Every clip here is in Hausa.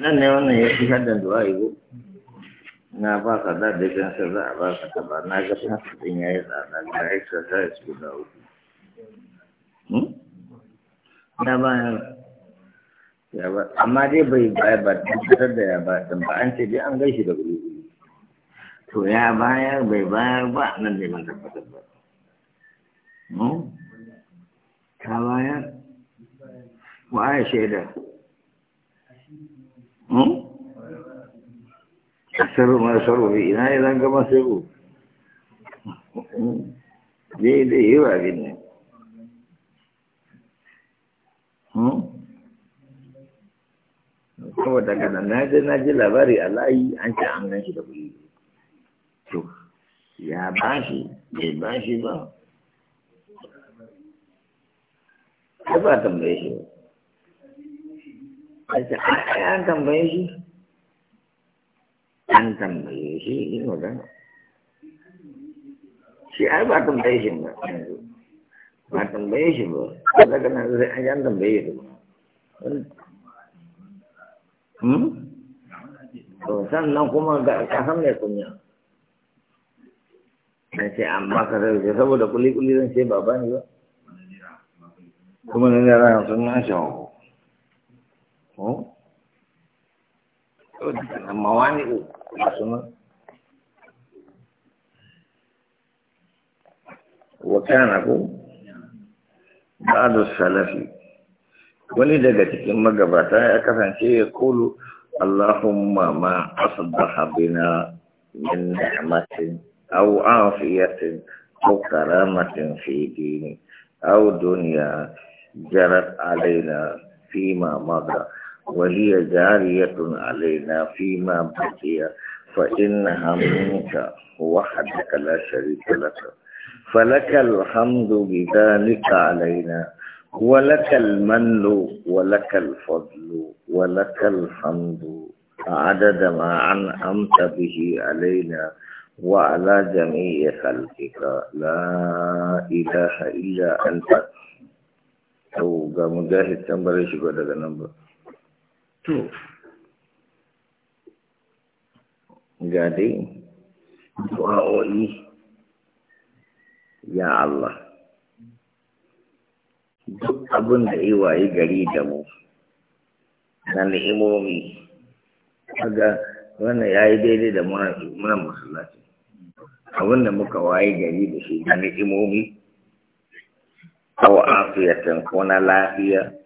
nan ne wannan ya fi haddan du'a ko na ba ka da da kan sai za a ba ka ta ba na ga ta din yayi tsada ga exercise guda uku hmm? na ba ya ba amma dai bai bayar ba tabbatar da ya ba dan ba an ce dai an gaishe da guri to ya bayar bai bayar ba nan dai ban tabbatar ba hmm? ka bayar wa ya shaida Asar hmm? ma saro ina idan gama sai ku. Dai da yi wa bin nan. Kawai daga nan na ji na ji labari a layi an ce an gan shi da kuɗi. To, ya bashi bai bashi ba. Ba tambaye shi ba. Aisha an tambaye shi an tambaye shi yi magana shi ai ba tambaye shi ba ba tambaye shi ba a daga nan zai an yan shi ba hmm? kuma ga kasan ya kunya na ce amma ka zai saboda kuli-kuli zan ce ba ba kuma na zai rana shawo Oh, mawani ba'du salafi wani daga cikin magabata ya kasance ya kulu Allahumma ma asbaha bina min ni'matin aw afiyatin aw karamatin fi dini aw dunya jarat alaina ma madha وهي جارية علينا فيما بقي فإنها منك وحدك لا شريك لك فلك الحمد بذلك علينا ولك المن ولك الفضل ولك الحمد عدد ما أنعمت به علينا وعلى جميع خلقك لا إله إلا أنت أو مجاهد تنبريش بدل نمبر to ga dai ya Allah duk abin da iwaye gari da mu na ni'imomi kaga mana ya yi daidai da munan masallaci abin da muka waye gari da shi na ni'imomi ko afiyatan ko na lafiya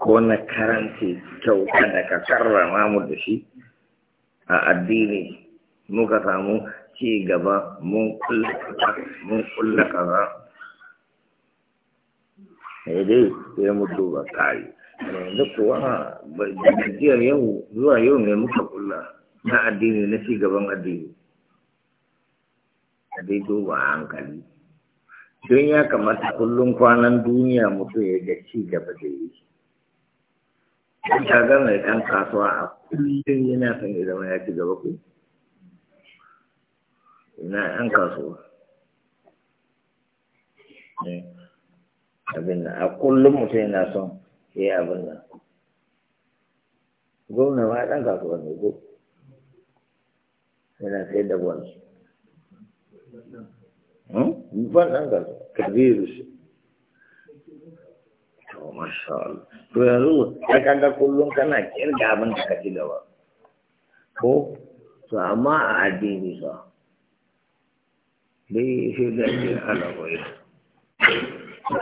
ko na karanta kyauta da ka karrama mu da shi a addini muka samu ci gaba mun kulla kaza sai dai sai mu duba kari yanzu kuwa gajiyar yau zuwa yau ne muka kulla na addini na ci gaban addini a dai duba hankali don ya kamata kullum kwanan duniya mutum ya ga ci gaba da yi in ka ga mai ɗan kasuwa a kullum yana son ya zama ya ci gaba ku ina ɗan kasuwa eh, abin nan a kullum mutum yana son ya yi abin nan gwamna ma ɗan kasuwa ne ko yana sai da gwamna hmm? ban ɗan kasuwa kabiru shi to masha Allah to yanzu sai kaga kullum kana kirga abin da kake gaba ko to amma a addini fa dai sai da ke alawai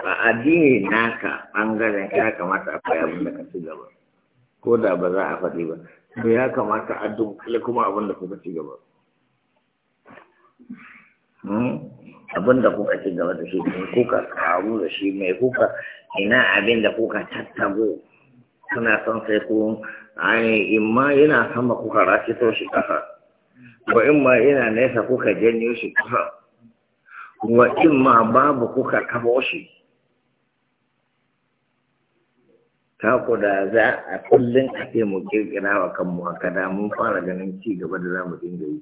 a addini naka bangaren ya kamata a faɗi abin da kake gaba ko da ba za a faɗi ba to ya kamata a dunkule kuma abin da kuka ci abin da kuka ci gaba da shi mai kuka karu da shi mai kuka ina abin da kuka tattago suna son sai ku ai in ma yana sama kuka rakito shi kasa ko in ma yana nesa kuka janyo shi kasa wa in ma babu kuka kabo shi ta ku da za a kullum a mu kirkira wa kanmu haka da mun fara ganin ci gaba da za mu dinga yi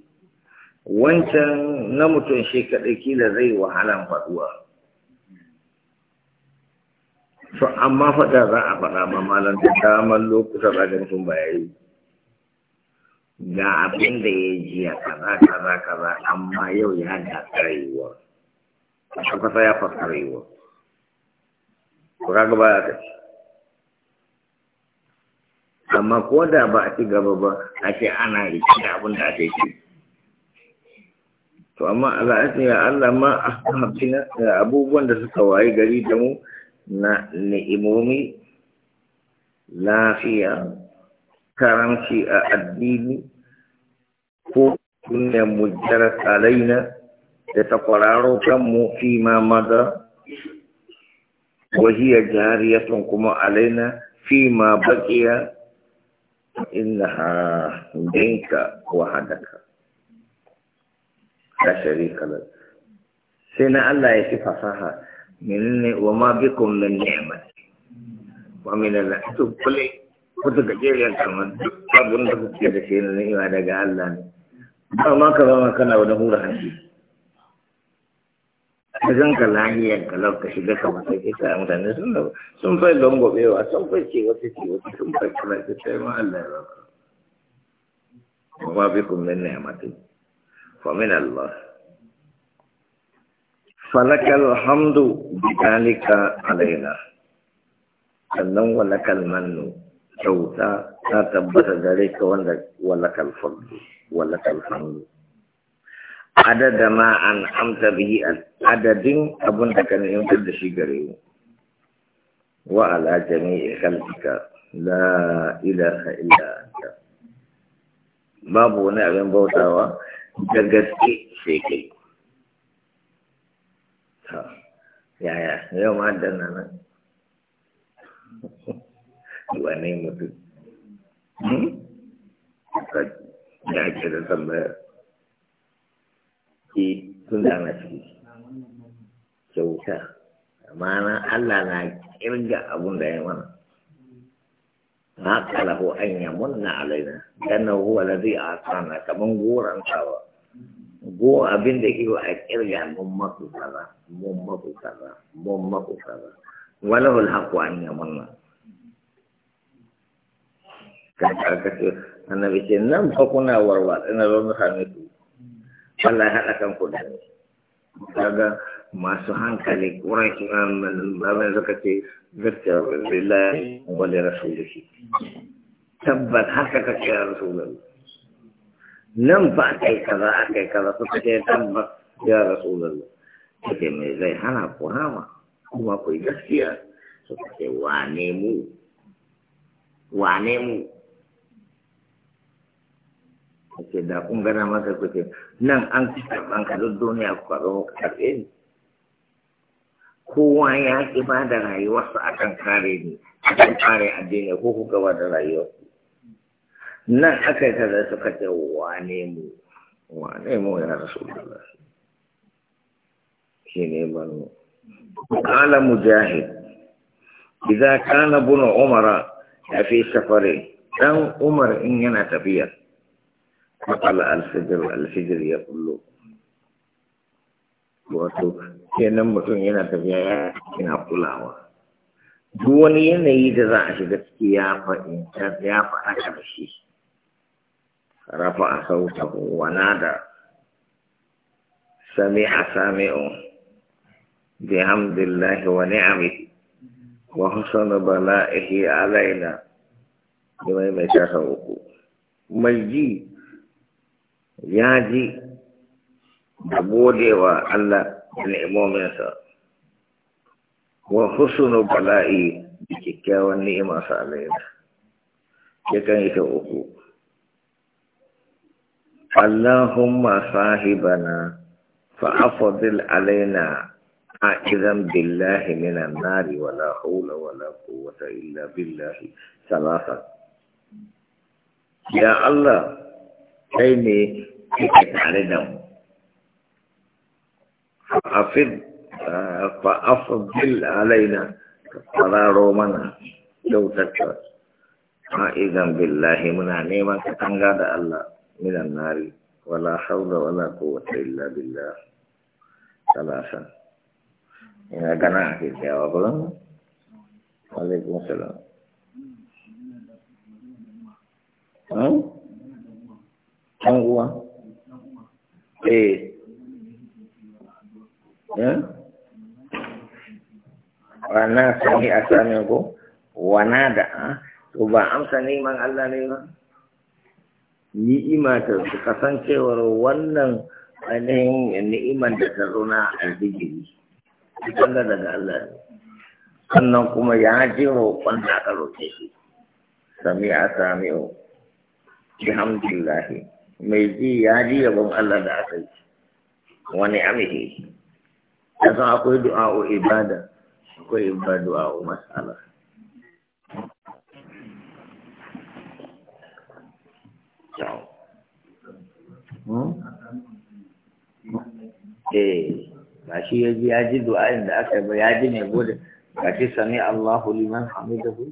wancan na mutum shi kaɗai kila zai wahalan faɗuwa to amma faɗa za a faɗa ma malam da damar lokuta za ga mutum ba ya yi ga abin da ya ji a kaza kaza kaza amma yau ya da karewa a kasa ya fasarewa karewa kura gaba ya kaci amma ko da ba a ci gaba ba a ce ana rikici abin da ake ciki to amma Allah ya Allah ma abubuwan da suka waye gari da mu na ni'imomi lafiya karamci a addini ko kunna mujjarat alaina da ta kwararo kanmu fi ma maza وهي جارية baƙi علينا فيما بقي إنها منك hadaka. la sharika lahu sai na Allah ya ci fasaha menene wa ma bikum min ni'mat wa min al-ahdu kulli kuta gajeriyar kalmar duk abin da kuke da shi na ni'ima daga Allah ne ba ma ka zama kana wani hura hanci a zan ka lahiyar ka lauka shiga ka masa kisa mutane sun da sun fai gobewa sun fai ce wata ce wata sun fai kala ta sai ma Allah ya baka wa ma bikum min ni'matin فمن الله فلك الحمد بذلك علينا sannan walakal mannu kyauta ta tabbata gare ka wanda walakal fardu walakal hannu adada ma an amta bihi adadin abin da ka ni'imtar da shi gare mu wa ala jami'i khalqika la ilaha illa anta babu wani abin bautawa da gaske sai kai yaya yau ma danna nan wane mutum hmm? da ake da tambayar ke tun da ciki kyauta amma na Allah na kirga abun da ya mana ما له أن alaina, علينا لأنه هو الذي أعطانا كمن غورا سوا go abin da ke a kirga mun maku kaza mun maku kaza mun maku kaza walahul haqqu an yamanna ka ka ce annabi ce nan fa kuna warwa ina zo mu same ku Allah ya hada kanku da ni daga masu hankali ƙuran abin suka ce gaskiya billahi wani rasulihi tabbat haka ka ce rasulihi nan ba kai kaza a kaza suka ce tabbat ya rasulihi suke mai zai hana ku hama kuma ku gaskiya suka ce wane mu wane mu ake da kun gana maka kuce nan an fi karɓan ka duniya ku karɓo ka karɓe ni kowa ya ki ba da rayuwarsa akan kare ni akan kare addini ko ku gaba da rayuwar nan aka yi kaza suka ce wane mu wane mu ya rasu da shi ne banu kala mujahid idza kana bunu umara ya fi safarin dan umar in yana tafiya matsala alfijir ya kullo wato kenan mutum yana tafiya ya kina kulawa duk wani yanayi da za a shiga ciki ya faɗi ya faɗa ƙarshe rafa a sauta wana da sami a sami'un bihamdillahi wa ni'amihi wa husna bala'ihi alaina da mai mai uku mai ji ya ji da godewa Allah da ni'imominsa wa husunu bala'i da kyakkyawan ni'ima sa alayhi ya kan yi ta uku Allahumma sahibana fa afdil alaina a a'idhan billahi minan nari wala la wala wa illa billahi salasa ya Allah kai ne يكتب فأفضل علينا فلا رومنا لو تكتب فإذا بالله من نعمة تنقاد الله من النار ولا حول ولا قوة إلا بالله ثلاثا إن أنا أكيد يا أبلان وعليكم السلام ها؟ أه؟ أه؟ eh, eh? wannan sani a ko wana da to ba amsa neman Allah ne ba ni'ima ta su kasancewar wannan ainihin ni'iman da ta zo na arzikiri kan daga Allah ne sannan kuma ya ji roƙon da aka roƙe shi sami a sami o bihamdillahi mai ji ya ji yabon Allah da aka yi wani amihi ya san akwai du'a'u ibada akwai du'a'u mas'ala ciao eh ba shi ya ji ya ji du'a'in da aka yi ba ya ji ne gode ba shi sami Allahu liman hamidahu